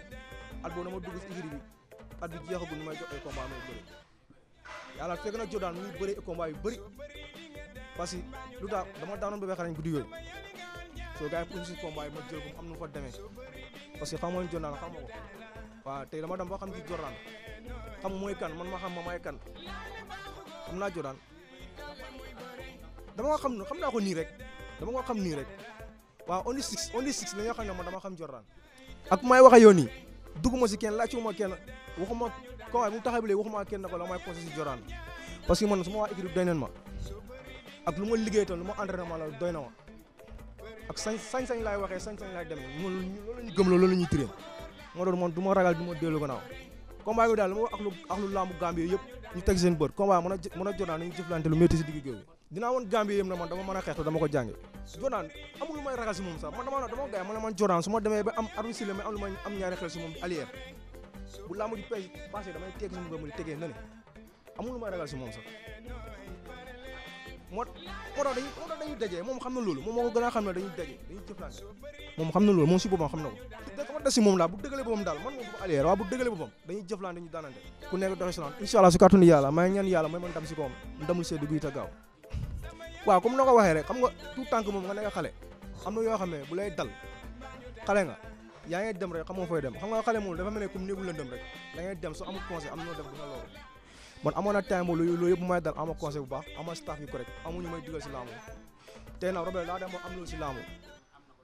at dugg si ikiri bi at bi jeexagul ni jox ay combat may bëri yàlla fekk na Jordan muy bëri combat yu bëri parce que lu dama daanoon bébé xarañ guddi yooyu soo gars pour si combat ma jël ko am nu fa demee parce que xamoon Jordan xam ko waaw dama dem ba xam ci Jordan xam mooy kan man ma xam ma may kan dama xam ko rek dama ko xam rek only six only six la nga xam ne dama xam Jordan ak may dugguma si kenn laajtuma kenn waxuma kawaay mu taxaw bi léegi waxuma kenn na ko la may conseil si Jordan parce que man su ma waa équipe doy nañ ma ak lu ma liggéey toon lu ma entraînement la doy na ma ak sañ sañ laay waxee sañ-sañ laay demee loolu la lu ma wax ak lu ak lu làmbu Gambie yëpp ñu teg seen bët combat mën a mën a Jordan nañu jëflante lu métti si digg géew dina won Gambie yam na man dama mën xex dama ko jàngi Jordan amul lu may ragal si moom sax man dama na dama gay man man Jordan suma démé ba am arbitre si la mais am lu may am ñaari xel si mom alier bu lamu di pay passé dama teg si mu mu di tegee na amul lu may ragal si moom sax mot moo tax dañuy moo tax dañuy dajee moom xam na loolu moom moo ko gën a xam ne dañuy dajee dañuy jëflante moom xam ko dama des si moom daal bu dëgalee boppam dal man moom bu alier wa bu dëgalee boppam dañu jëflan dañu daanante ku nekk doxe si inshallah su kàttanu yalla may ñaan yalla may man dam ci kawam ndamul see dugg it gaaw waaw comme na ko waxee rek xam nga tout tànk moom nga nekk xale am na yoo xam ne bu lay dal xale nga yaa ngi dem rek xam nga fooy dem xam nga xale moom dafa mel ne comme néegu lëndëm rek da ngay dem su am noo def dina loolu man amoon na temps boobu loolu yëpp may dal ama conseil bu baax may digal si laamu tey nag Robert daa dem ma am loolu si laamu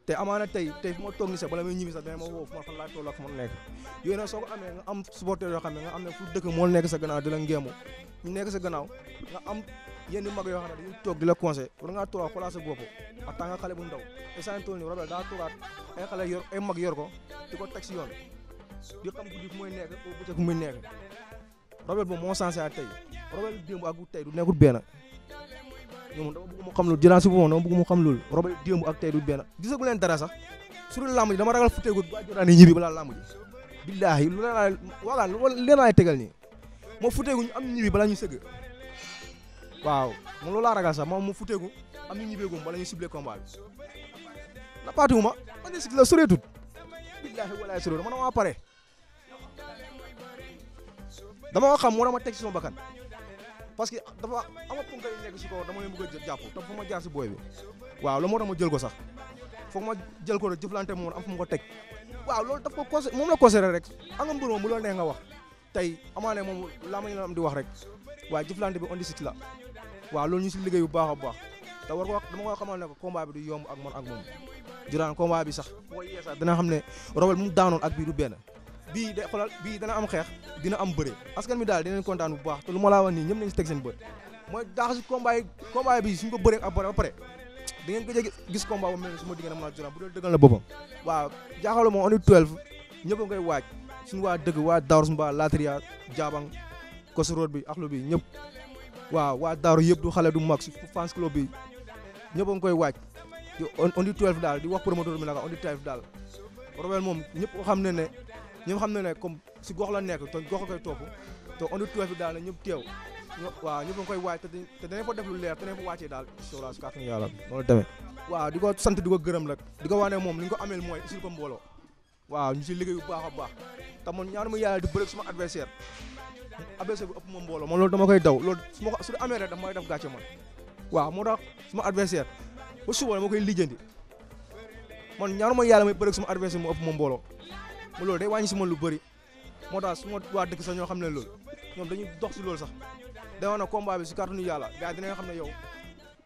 te amaana tey tey fu ma toog ni sax bala muy ñibbi sax dana soo ko amee nga am supporter yoo xam ne nga am ne fu dëkk moo nekk sa gannaaw di la ngéemu ñu nekk sa gannaaw nga am yenn mag yoo xam ne dañuy toog di la conseil war ngaa toogaa xoolaa sa bopp en tant xale bu ndaw essan tool ni rabel daa toogaat ay xale yor ay mag yor ko diko ko yoon di xam guddi moy nek ko bu bëccëg fu muy nekk rabel boobu moo sensé ak tey rabel démb ak tay du nekkul benn ñoom dama bëgg mu xam loolu jëlaan si boppam dama bëgg mu xam lu rabel dembu ak tay du ben gisagu len dara sax suru lamb dama ragal gu ba jotaan ni bala lamb ji billahi lu la wala lu leen tegal ni mo futé gu ñu am ñibi bala ñu sëgg waaw mu loolu laa ragal moom mu futeegu am ñu ñibbeegum wala ñu ciblé combat bi nappaatuwuma man si la soreetut billaahi walaay soreetut man maa pare dama xam moo teg si sama bakkan parce que dafa ama punka yu nekk si kaw dama leen bëgg a jàpp te fu ma jaar si booy bi waaw loolu moo tax ma jël ko sax foog ma jël ko rek jëflante moom am fu ma ko teg waaw loolu daf ko conseil moom la conseil rek nga moom bu loolu nee nga wax tey moom laa ma ñu am di wax rek waaye jëflante bi on la waaw loolu ñu si liggéey bu baax a baax te war ko dama ko xamal ne ko combat bi du yomb ak moom durant combat bi sax boo yee xam ne robel mu daanoon ak bii du benn bii de xoolal bii dana am xeex dina am bëre askan mi daal dinañ kontaan bu baax te lu ma laa wax nii ñëpp nañ si teg seen bët mooy daax si combat yi combat bi suñ ko bëree ak ba pare da ngeen gëj a gis combat bu mel su ma diggante mën a Diorane bu dee dëggal la boppam waa jaaxalo moom on est 12 ñëpp suñu waa dëgg waa Darou Mba Latria Diabang Kosoroot bi axlu bi ñëpp waaw waa daaru yëpp du xale du mag si fans club bi ñëpp a ngi koy waaj di on di 12 daal di wax promoteur bi naka on di 12 daal Robel moom ñëpp xam ne ne ñëpp xam ne ne comme si gox la nekk te koy topp te on di daal na ñëpp teew waaw ñëpp a ngi koy waaj te danañ fa def lu leer te danañ fa wàccee daal sora su kàttan yàlla noonu demee waaw di ko sant di ko gërëm rek di ko wax ne moom li ñu ko ameel mooy ko mbooloo waaw ñu si liggéey bu baax a baax te man ñaanu ma yàlla di bëreeg suma adversaire ABC bu ëpp ma mbooloo man loolu dama koy daw loolu su ma ko su amee rek dama may def gàcce man waaw moo tax suma adversaire ba suba dama koy lijjanti man ñaar ma yàlla may bëreeg suma adversaire mu ëpp ma mbooloo ma loolu day wàññi si man lu bëri moo tax su ma waa dëkk sax ñoo xam ne loolu ñoom dañuy dox si loolu sax dañoo na combat bi si kàttanu yàlla gars yi xam ne yow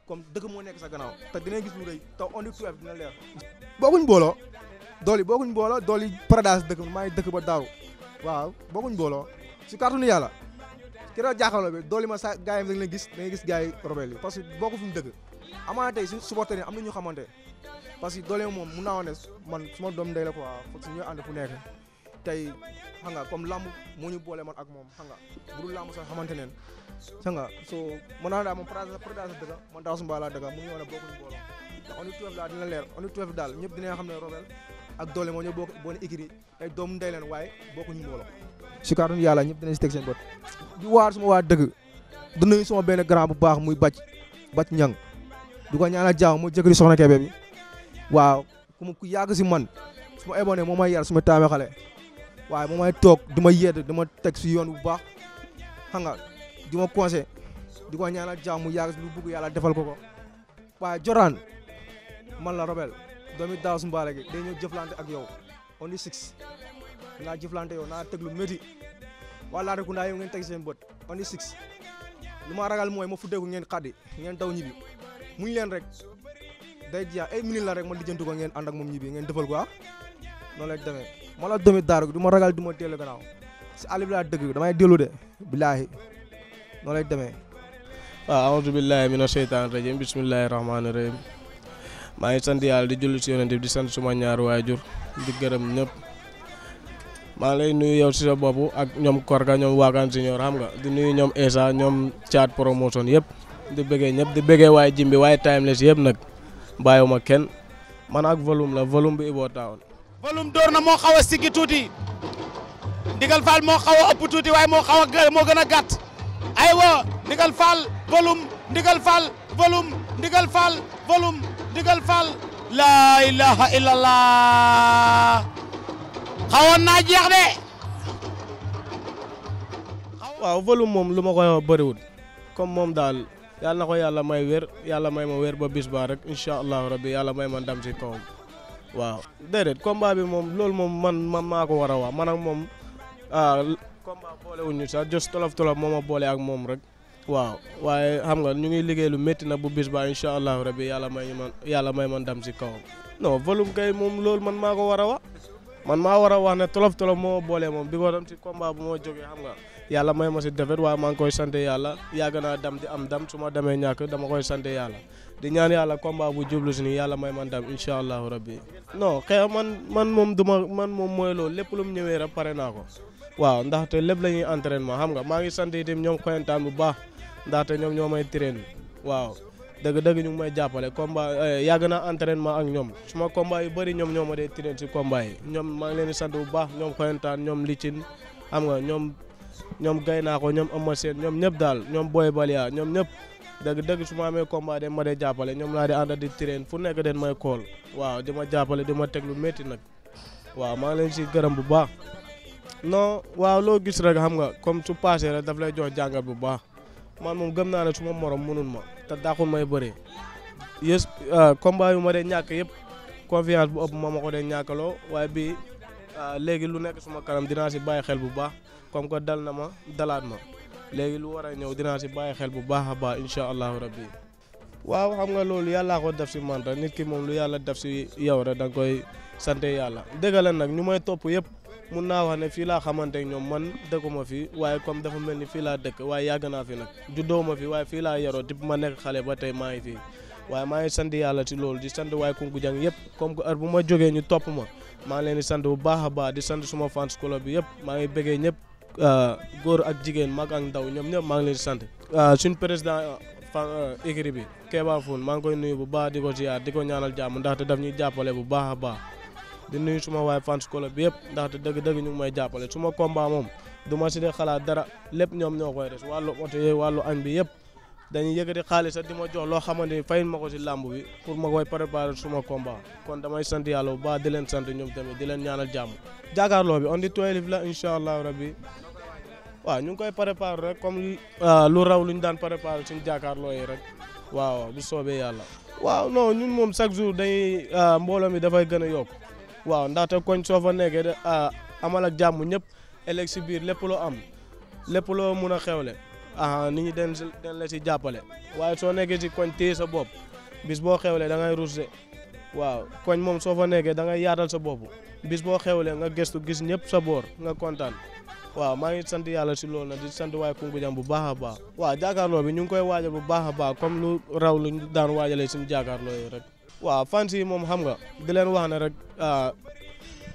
comme dëkk moo nekk sa gannaaw te dinañ gis lu rëy te on dit tout booloo dool yi booguñ dool yi paradise maa ngi dëkk ba daaru waaw booguñ booloo si kàttanu yàlla ki la jaaxal bi doole ma sa gars yi da gis da nga gis gars yi rebelle yi parce que boo ko fi mu dëgg amaana tey si supporter yi am na ñu xamante parce que doole moom mun naa wax man ma doom ndey la quoi foog si tey xam nga comme lamb moo ñu boole man ak moom xam nga budul lamb sax xamante neen xam nga naa daal moom prédage dëgg man daaw su mbaa dëgg mu ngi woon a bokkuñu boolo ndax on est twelve daal dina leer on est twelve daal ñëpp dinañ xam ne rebelle ak doole moo ñu bokk boo ne igri ay doomu ndey leen waaye bokkuñu mbooloo si kàddu yàlla ñëpp dinañ si teg seen bot di waar suma wa deug du nuyu suma ben grand bu baax muy bac bac ñang du ko ñaanal jaaw mu jëkkëri soxna Kébé bi waaw ku mu ku yag ci man suma ma ébonee may yar suma ma xalé waaw waaye moo may toog di yedd duma tek ci yoon bu baax xam nga di ma di ko ñaanal jaaw mu yag si lu bëgg yalla defal ko ko waaw joran man la Robel domi daasu su mbaale gi day ñëw jëflante ak yow only the six naa jëflante yow naa teg lu métti waa Latrikunda yow ngeen teg seen bët on lu ma ragal mooy ma futteeku ngeen xaddi ngeen daw ñibbi muñ leen rek day jeex ay minutes la rek ma lijjanti ko ngeen ànd ak moom ñibbi ngeen defal ko ah noonu lay demee ma la daar daara du ma ragal du ma dellu gannaaw si àll bi laa dëgg damay dellu de billaahi noo lay demee. waaw aoudu billahi mina sheytaan rajim bismillahi rahmaani rahim maa ngi sant yàlla di julli si di sant suma ñaar waajur di gërëm ñëpp. maa lay nuyu yow si sa bopp ak ñoom Korka ñoom Waagaan Senior xam nga di nuyu ñoom Esa ñoom caat promotion yëpp di bëggee ñëpp di bëggee waaye jimbi waaye timeless yëpp nag bàyyiwuma kenn man ak volume la volume bi Ibo Town. volume door na moo xaw a siggi tuuti ndigal faal moo xaw a ëpp tuuti waaye moo xaw a moo gën a gàtt aywa ndigal faal volume ndigal faal volume ndigal faal laa ilaha illallah. xawoon naa jeex de. waaw volume moom lu ma koy wax bëriwul comme moom daal yàlla na ko yàlla may wér yàlla may ma wér ba bis ba rek incha allahu rabbi yàlla may man ndam si kawam waaw. déedéet combat bi moom loolu moom man man maa ko war a wax man ak moom ah combat boolewuñu sax jos tolof tolof moo ma boole ak moom rek. waaw waaye xam nga ñu ngi liggéey lu métti na bu bis ba incha allahu rabbi yàlla may ma yàlla may ma ndam si kawam. non volume kay moom loolu man maa ko war a man maa war a wax ne tolof tolof moo boolee moom bi ko tam ci combat bu moo jógee xam nga yàlla may ma si defet waaye maa ngi koy sant yàlla yàgg naa dam di am dam su ma demee ñàkk dama koy sant yàlla di ñaan yàlla combat bu jublu si nii yàlla may man dam incha allahu rabbi non xëy man man moom duma man moom mooy loolu lépp lu mu ñëwee rek pare naa ko waaw ndaxte lépp la ñuy entraînement xam nga maa ngi sant itam ñoom xoyantaan bu baax ndaxte ñoom ñoo may train waaw dëgg-dëgg ñu may jàppale combat eh, yàgg naa entraînement ak ñoom suma combat yu bëri ñoom ñoo ma dee tireen si combat yi ñoom maa ngi leen di sant bu ñoom xoyantaan ñoom licin xam nga ñoom ñoom gay naa ko ñoom ëmma ñoom ñëpp daal ñoom booy baliya ñoom ñëpp dëgg-dëgg su ma amee combat ma dee jàppale ñoom laa di ànd di tireen fu nekk den may kool waaw di ma jàppale di ma teg métti nag waaw maa ngi leen si gërëm bu baax non waaw loo gis rek xam nga comme su passé rek daf lay jox jàngat bu baax man moom gëm naa ne suma ma morom mënul ma te daaxul may bëree yës euh, combat yu ma dee ñàkk yëpp confiance bu ëpp ma ma ko dee ñàkkaloo waaye bii euh, léegi lu nekk suma kanam dinaa si bàyyi xel bu baax comme que dal na ma dalaat ma léegi lu war a ñëw dinaa si bàyyi xel bu baax a baax incha allahu rabbi waaw xam nga loolu yàllaa ko def si man nit ki moom lu yàlla def si yow rek da koy sant yàlla dëgg la nag ñu may topp yëpp. mun naa wax ne fii laa xamante ñoom man dëkkuma fi waaye comme dafa mel ni fii laa dëkk waaye yàgg naa fi nag juddoo ma fi waaye fii laa yaroo bu ma nekk xale ba tey maa ngi fii waaye maa ngi sant yàlla ci loolu di sant waaye Kungu Jang yëpp comme que bu ma jógee ñu topp ma maa leen di sant bu baax baax di sant suma fans club bi yëpp maa ngi bëggee ñëpp euh, góor ak jigéen mag ak ndaw ñoom ñëpp maa ngi leen di sant euh, suñ président fan euh, écrit bi Keba Foun maa ngi koy nuyu bu baax di ko ziar di ko ñaanal jàmm ndaxte daf ñuy jàppale bu baax a baax di nuyu suma waay fans club bi yëpp ndaxte dëgg-dëgg ñu ngi may jàppale suma combat moom du ma si dee xalaat dara lépp ñoom ñoo koy des wàllu oto wàllu añ bi yëpp dañuy yëkkati xaalis di ma jox loo xamante ni fayin ma ko si làmb bi pour ma koy préparer suma combat kon damay sant yàlla bu baax di leen sant ñoom tamit di leen ñaanal jàmm. jàkkaarloo bi on dit twelve la incha allahu rabbi waaw ñu ngi koy préparer rek comme ah, lu raw lu ñu daan préparer suñu jàkkaarloo yi rek waaw bu soobee yàlla. waaw non ñun moom chaque jour day ah, mbooloo mi dafay gën a yokk waaw ndaxte koñ soo fa nekkee de ah, amal ak jàmm ñëpp ëllëg si biir lépp loo am lépp loo mun a xewle ah nit ñi den den la si jàppale waaye soo nekkee si koñ téye sa bopp bis boo xewlee da ngay ruuse waaw koñ moom soo fa nekkee da ngay yaatal sa boppu bis boo xewlee nga gëstu gis ñëpp sa boor nga kontaan waaw maa ngi sant yàlla si lool na di sant waaye Kunkujang bu baax a baax waaw jàkkaarloo bi ñu ngi koy waajal bu baax a baax comme lu raw lu daan waajalee suñu jàkkaarloo yi rek wa fans yi moom xam nga di len wax ne rek ah,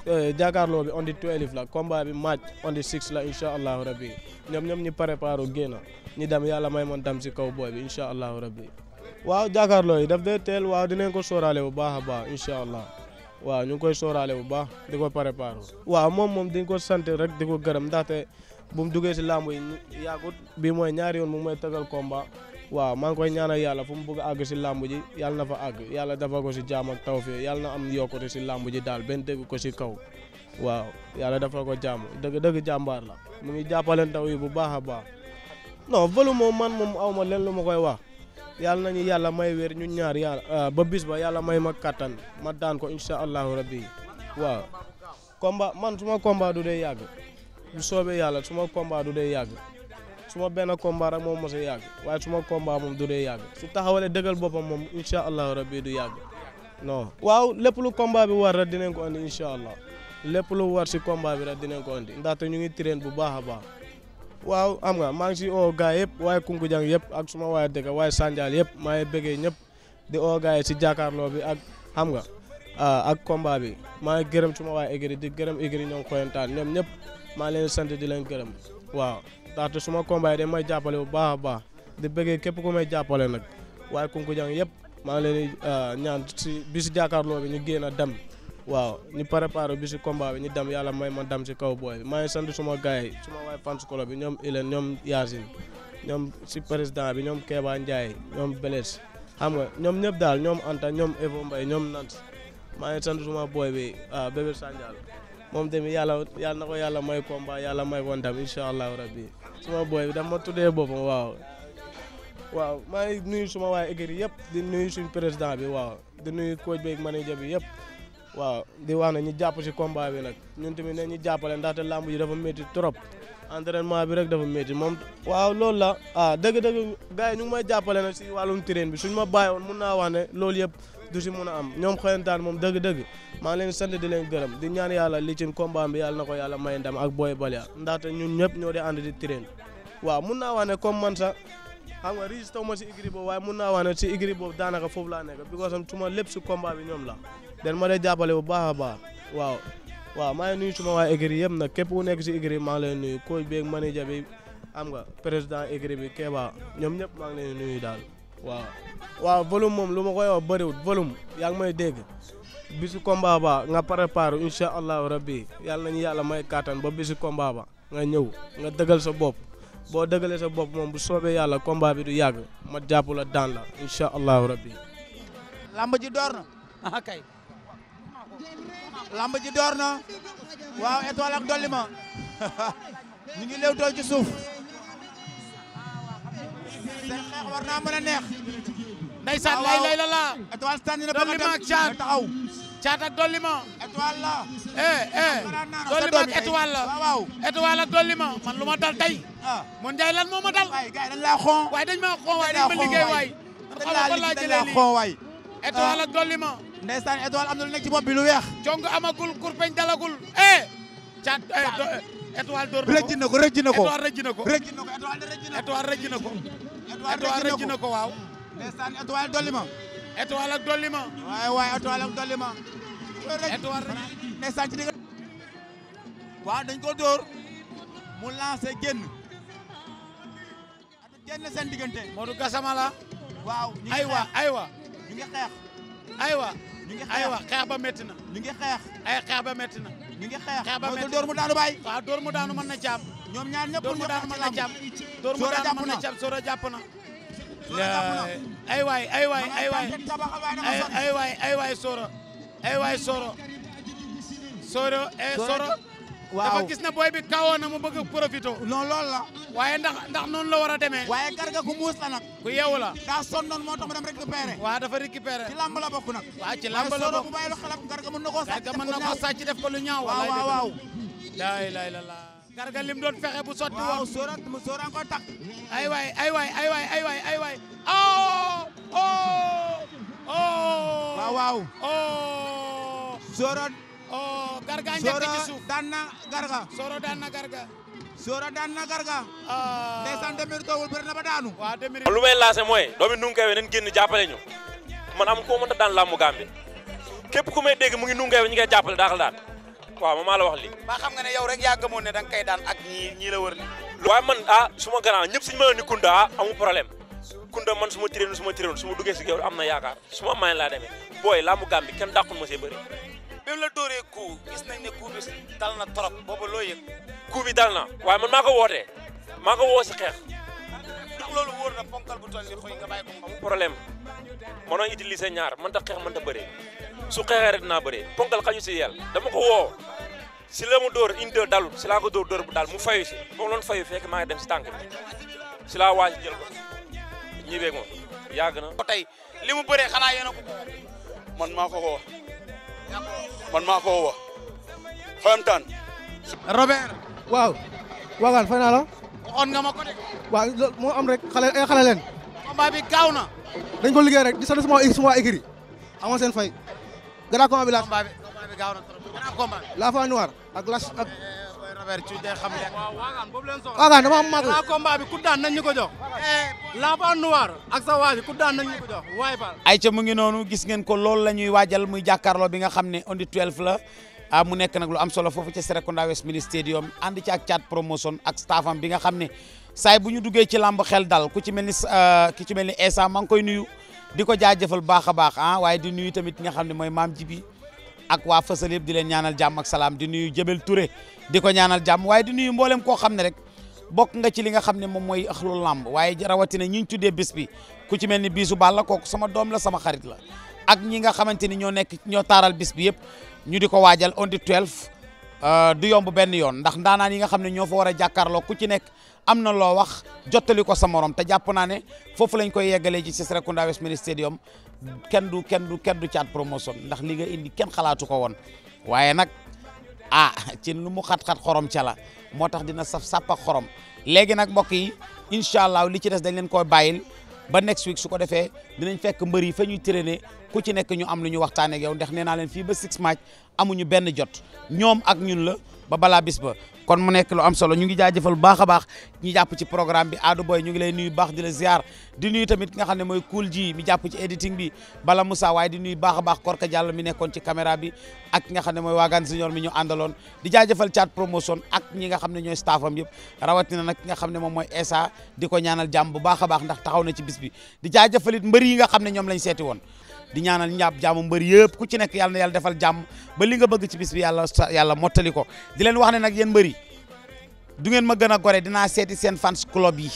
eh, jàkkaarloo bi on the 12 la combat bi match on the 6 la insha allah rabbi ñom ñoom ñu préparé génn ñi dam yalla may mon dam ci kaw boy bi incha allahu rabbi waaw jàkkaarloo yi daf dee teel waaw dinañ ko sóoraale bu baax baax allah waaw ñu koy sóoraale bu baax di ko préparé waaw mom mom di ko santé rek di ko gërëm ndaxte bu mu duggé ci lamb yi yàggut bi moy ñaar yoon mu may tëgal combat waaw maa ngi koy ñaanal yàlla fu mu bëgg àgg si làmb ji yàlla na fa àgg yàlla dafa ko si jaam ak tawfeex yàlla na am yokkute si làmb ji daal benn tegu ko si kaw waaw yàlla dafa ko jaam dëgg dëgg jàmbaar la mu ngi jàppale ndaw yi bu baax a baax non volu moom man moom aw ma leen lu ma koy wax yàlla nañu yàlla may wér ñun ñaar yàlla euh, ba bis ba yàlla may ma kattan ma daan ko insha allahu rabbi waaw combat man suma combat du dee yàgg bu soobee yàlla suma combat du dee yàgg su ma benn combat rek moom mos a yàgg waaye su ma combat moom du dee yàgg su taxawalee dëggal boppam moom incha allah rabbi du yàgg no waaw lépp lu combat bi war rek dinañ ko andi incha allah lépp lu war si combat bi rek dinañ ko andi ndaxte ñu ngi train bu baax a baax waaw am nga maa ngi si oo gaa yëpp waaye Kunkujang yëpp ak suma waaye dëkk waaye Sanjaal yëpp maa ngi ñëpp di oo gaa yi si jàkkaarloo bi ak xam nga ah, ak combat bi maa ngi gërëm suma waaye égri di gërëm égri ñoom ñëpp maa leen sant di leen gërëm waaw ndaxte suma combat yi may jàppale bu baax a baax de bëggee képp ku may jàppale nag waaye Kunkujang yëpp maa ngi leen di euh, ñaan si bi si jàkkaarloo bi ñu génn a dem waaw ñu préparé bi si combat bi ñu dem yàlla may ma dem si kaw booy bi maa ngi sant suma gars yi suma waay fans kolo bi ñoom Ilen ñoom Yacine ñoom si président bi ñoom Kéba Ndiaye ñoom Beles xam nga ñoom ñëpp daal ñoom Anta ñoom Evo Mbaye ñoom Nant maa ngi sant suma booy bi euh, Bébé Sandial moom tamit yàlla yàlla na ko yàlla may combat yàlla may ko ndam incha allahu rabbi suma booy bi dama tuddee boppam waaw. waaw maa ngi nuyu suma waa écurie yëpp di nuyu suñ président bi waaw di nuyu coach beeg manager bi yëpp waaw di wax na ñu jàpp si combat bi nag ñun tamit ne ñu jàppale ndaxte làmb ji dafa métti trop entraînement bi rek dafa métti moom. waaw loolu la ah dëgg-dëgg gars yi ñu ngi may jàppale na si wàllum terrain bi suñ ma bàyyi woon mun naa wax ne loolu yëpp. du si mun a am ñoom xoyantaan moom dëgg-dëgg maa leen sant di leen gërëm di ñaan yàlla li ci combat bi yàlla na ko yàlla may ndam ak Boy Balia ndaxte ñun ñëpp ñoo di ànd di train waaw mun naa wax ne comme man sax xam nga registré ma si écurie boobu waaye mun naa wax ne si écurie boobu daanaka foofu laa nekk because am suma lépp si combat bi ñoom la den ma dee jàppale bu baax a baax waaw waaw maa ngi nuyu suma waa écurie yëpp nag képp ku nekk si écurie maa ngi leen nuyu coach beeg manager bi xam nga président écurie bi Keba ñoom ñëpp maa ngi leen nuyu daal waaw waaw volume moom lu ma koy wax bëriwul volume yaa ngi may dégg bisu combat ba nga préparé incha allahu rabbi yàlla nañu yàlla may kàttan ba bisu combat ba nga ñëw nga dëgal sa bopp boo dëgalee sa bopp moom bu soobee yàlla combat bi du yàgg ma jàpp la daan la incha allahu rabbi. lamb ji door na [LAUGHS] ah kay waaw étoile dolli ma [LAUGHS] ñu ngi léewtoo ci suuf. seen xeex a neex. ndeysaan lay lay la la. étoile sànni na bëgg a dem caat taxaw. caat ak dolli ma. étoile la. eh eh dolli ma ak étoile la. waaw étoile ak dolli ma man lu ma dal tey. ah man Ndiaye lan moo ma dal. waay gars yi dañ xon. waay dañ maa xon waay dañ ma liggéey waay. dañ laa liggéey dañ xon waay. étoile ak dolli ma. Ah. ndeysaan étoile am na lu nekk weex. cong amagul kurpeñ dalagul. eh caat. Eh, eh. étoile door na ko rëcc ko rëcc na ko étoile rëcc na ko rëcc na ko étoile rëcc na ko étoile rëcc na ko waaw ndeysaan étoile dolli ma étoile ak dolli ma waay waay étoile ak dolli ma étoile rëcc ndeysaan waaw dañ ko dóor mu lancé genn at génn seen diggante Modou Gassama la waaw aywa aywa ñu xeex aywa ñu ngi xeex aywa xeex ba métti na ñu ngi xeex ay xeex ba métti ñu ngi xeex mooy door mu daanu bàyyi waaw door mu daanu mën na caam ñoom ñaar ñëpp mu daanu mën na caam door mu daanu mën na caam soora eh, jàpp na ay waay ay waay ay waay ay waay ay waay soora ay waay waaw dafa gis na booy bi kawoo mu bëgg a non loolu la. waaye ndax ndax noonu la war a demee. waaye garga ku muus la ku yeewu la. daa sonnoon moo tax mu dem dafa ci la ci la mën def ko lu ñaaw. lim doon bu mu ko tak. ay waay ay waay ay waay ay waay ay waay. oh oh oh. waaw waaw. oh. sóoraat. garga njëkk ci suuf daan na garga sooro daan na garga sooro daan na garga ah. ndeysaan demir doowul bëri na ba daanu waaw demir lu may lancé mooy doomi nunkawe nañ génn jàppale ñu man am koo mënta daan làmbu Gàmbi képp ku may dégg mu ngi nunkawe ñu koy jàppale daaxal daan waaw ma maa la wax li ba xam nga ne yow rek yaa gëmoon ne da nga daan ak ñi ñii la wër ni waaye man a ah, suma grand ñëpp suñu mënoon ni Kounda ah amul problème Kounda man su ma tirénu su ma tirénu su ma duggee si yow am na yaa su ma mayen laa demee booy làmbu Gàmbi kenn dàqul ma bi la dóoree coup gis nañ ne coup bi dal na trop boobu loo yëg. coup bi dal na waaye man maa ko wootee maa ko woo si xeex. ndax loolu wóor na ponkal bu toll nii xoy nga bàyyi ko amul problème mënoo utiliser ñaar mën ta xeex mën ta bëree su xeexee rek dinaa bëree ponkal xaju si yàlla dama ko woo. si la mu dóor une deux si laa ko dóor dóor bu daal mu fayu si moom loon fayu fekk maa ngi dem si tànk bi si laa waaj jël ko ñibeeg moom yàgg na. tey li mu bëree xanaa yéen a ko man maa ko woo. man maa ko woo xoyantaan. Robert. waaw. waaw fay naa la. waxoon ma ko de. waaw loolu moo am rek xale ay na. dañ ko liggéey rek di sant suma suma écrit amoon seen fay. grand combat bi laa. combat bi combat bi gaaw la fa noir ak las ak. affaire ci day xam lekk. waaw waagaan boobu leen soxla. la combat bi ku daan nañ ñu ko jox. L'enfant eh, ak sa waa ji ku daan nañ ñu ko jox ba. ayca mu ngi noonu gis ngeen ko lool la ñuy waajal muy jàkkaarloo bi nga xam ne on dit 12 la. ah mu nekk nag lu am solo foofu ca Serekunda West Mini Stadium ànd ci ak Thiat promotion ak staffam bi nga xam ne saay bu ñu duggee ci làmb xel daal ku ci mel ni ah, ku ci mel ni Essa maa ngi koy nuyu di ko jaajëfal baax a baax ah waaye di nuyu tamit nga xam ne mooy maam Jibi ak wa Fësal yeb di len ñaanal jamm ak salam di nuyu jebel Touré di ko ñaanal jamm waye di nuyu mbollem ko xamne rek bok nga ci li nga xamne mom moy akhlul lamb waye na ñu bi ku ci melni bisu Balla sama domla la sama xarit la ak ñi nga xamanteni ño nek ño taral bis bi yeb ñu diko wajal on the 12 euh, du yomb ben yoon ndax ndaanaan yi nga xamne ño fa wara jakarlo ku ci nek amna lo wax jotali ko sa morom te japp na ne fofu lañ koy ci Stadium kenn du kenn du kenn du caat promotion ndax li nga indi kenn xalaatu ko woon waaye nag ah ci lu mu xat-xat xorom ca moo tax dina saf sàpp xorom léegi nag mbokk yi incha allah li ci des dañ leen koy bàyyil ba next week su ko defee dinañ fekk mbër yi fa ñuy traîner ku ci nekk ñu am lu ñu waxtaanee ak yow ndax nee naa leen fii ba six match amuñu benn jot ñoom ak ñun la. ba balaa bis ba kon mu nekk lu am solo ñu ngi jaajëfal bu baax a baax ñi jàpp ci programme bi Adou Boy ñu ngi lay nuyu baax di la ziar di nuyu tamit ki nga xam ne mooy Koul ji mi jàpp ci editing bi bala Moussa waaye di nuyu baax a baax Korka Diallo mi nekkoon ci caméra bi ak ki nga xam ne mooy Wagan Junior mi ñu àndaloon di jaajëfal Thiat promotion ak ñi nga xam ne ñooy staffam yëpp rawatina nag ki nga xam ne moom mooy Essa di ko ñaanal jàmm bu baax baax ndax taxaw na ci bis bi di jaajëfalit mbër yi xam ne ñoom lañ seeti woon di ñaanal ñaab jàmm mbër yëpp ku ci nekk yàlla na yàlla defal jàmm ba li nga bëgg ci bis bi yàlla yàlla mottali ko di leen wax ne nag yéen mbër du ngeen ma gën a gore dinaa seeti seen fans club yi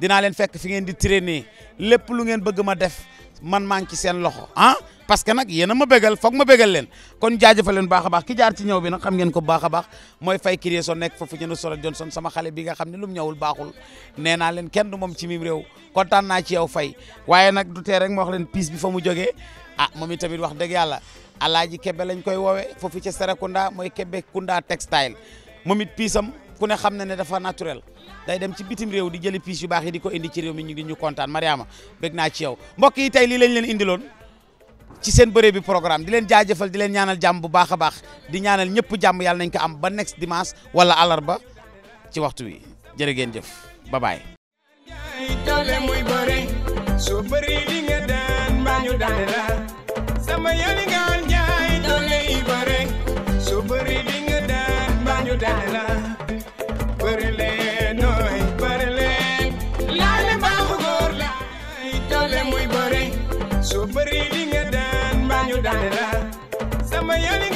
dinaa leen fekk fi ngeen di traîner lépp lu bëgg ma def man maa ngi ci seen loxo ah parce que nag yéen a ma bégal foog ma bégal leen kon jaajëfal leen baax a baax ki jaar ci ñëw bi nag xam ngeen ko baax a baax mooy Faye Criason nekk foofu ñënu Sora Johnson sama xale bi nga xam ne lu mu ñëwul baaxul nee naa leen kenn du moom ci mim réew kontaan naa ci yow fay waaye nag du tee rek ma wax leen piis bi fa mu jógee ah moom tamit wax dëgg yàlla alaaji Kebe lañ koy woowee foofu ca Serekunda mooy Kebe Kunda textile moom it piisam ku ne xam na ne dafa naturel day dem ci bitim réew di jëli piis yu baax yi di ko indi ci réew mi ñu ngi ñu kontaan Mariama bég naa ci yow mbokk yi tey lii lañ leen indiloon ci seen bëree bi programme di leen jaajëfal di leen ñaanal jàmm bu baax a baax di ñaanal ñëpp jàmm yàlla nañ ko am ba next dimanche wala alarba ci waxtu wi jërë ngeen jëf babaay Miami